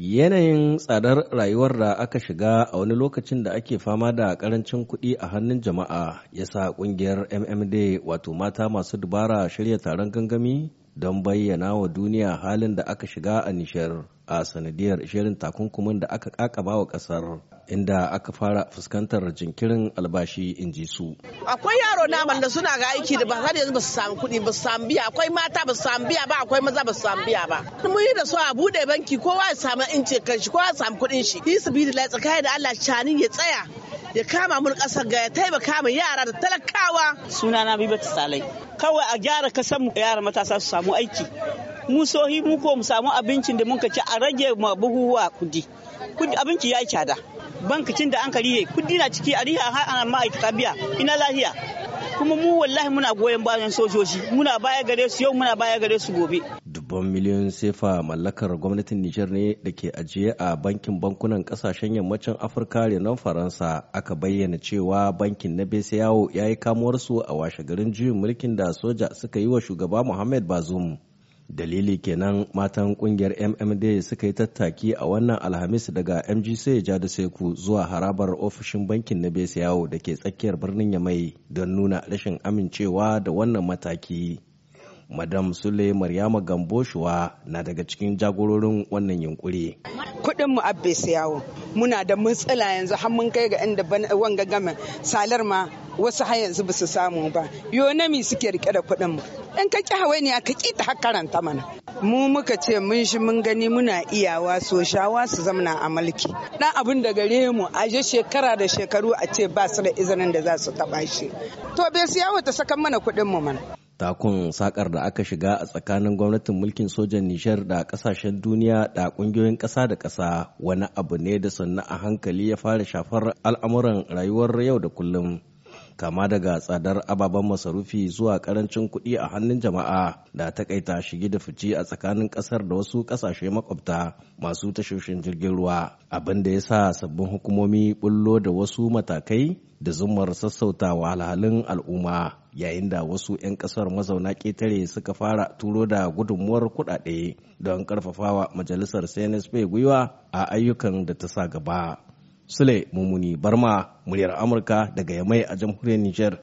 Yanayin tsadar rayuwar da aka shiga a wani lokacin da ake fama da karancin kuɗi a hannun jama'a ya sa ƙungiyar MMD wato mata masu dubara shirya taron gangami don bayyana wa duniya halin da aka shiga a Nishar. a sanadiyar shirin takunkumin da aka kakaba wa kasar inda aka fara fuskantar jinkirin albashi in ji su. Akwai yaro na da suna ga aiki da ba har yanzu ba su samu kuɗi ba su samu biya akwai mata ba su samu biya ba akwai maza ba su samu biya ba. Mun yi da su a buɗe banki kowa ya samu ince kanshi kowa ya samu kuɗin shi. Yi su da tsakaya da Allah canin ya tsaya ya kama mun kasar ga ya taimaka kama yara da talakawa. Sunana Bibatu Salai. Kawai a gyara kasar mu yara matasa su samu aiki. mu sohi mu ko mu samu abincin da muka ci a rage ma buhuwa kudi kudi abinci ya yi cada bankacin da an karihe kudi na ciki a riha har ana ma'aikata biya ina lahiya kuma mu wallahi muna goyon bayan sojoji muna baya gare su yau muna baya gare su gobe dubban miliyoyin sefa mallakar gwamnatin Nijar ne da ke ajiye a bankin bankunan kasashen yammacin Afirka renon Faransa aka bayyana cewa bankin na Bese yawo ya yi kamuwarsu a washe garin juyin mulkin da soja suka yi wa shugaba Muhammad Bazoum. Dalili kenan matan kungiyar MMD suka yi tattaki a wannan Alhamis daga MGC da Seku zuwa harabar ofishin bankin na Besiyawo da ke tsakiyar birnin Yamai don nuna rashin amincewa da wannan mataki. Madam Sule Maryama Gamboshuwa na daga cikin jagororin wannan yunkuri. Kudin mu abbe yawo muna da matsala yanzu har mun kai ga inda wanga gama salar ma wasu har yanzu ba su samu ba yonami suke rike da kuɗin mu in ka ki hawainiya ka ki ta karanta mana mu muka ce mun shi mun gani muna iyawa so shawa su zamana a mulki dan abin da gare mu a je shekara da shekaru a ce ba su da izinin da za su taba shi to bai siya wata sakan mana kuɗin mu mana takun sakar da aka shiga a tsakanin gwamnatin mulkin sojan nishar da kasashen duniya da kungiyoyin kasa da kasa wani abu ne da sannu a hankali ya fara shafar al'amuran rayuwar yau da kullum kama daga tsadar ababen masarufi zuwa karancin kuɗi a hannun jama'a da takaita shige da fice a tsakanin ƙasar da wasu ƙasashe makwabta masu tashoshin jirgin ruwa abin da ya sa sabbin hukumomi bullo da wasu matakai da zumar sassauta halhalin al'umma yayin da wasu 'yan kasar mazauna ƙetare suka fara turo da gudunmuwar kuɗaɗe don ƙarfafawa majalisar bai gwiwa a ayyukan da ta sa gaba Sule Mumuni Barma, muryar Amurka daga Yamai a jamhuriyar niger.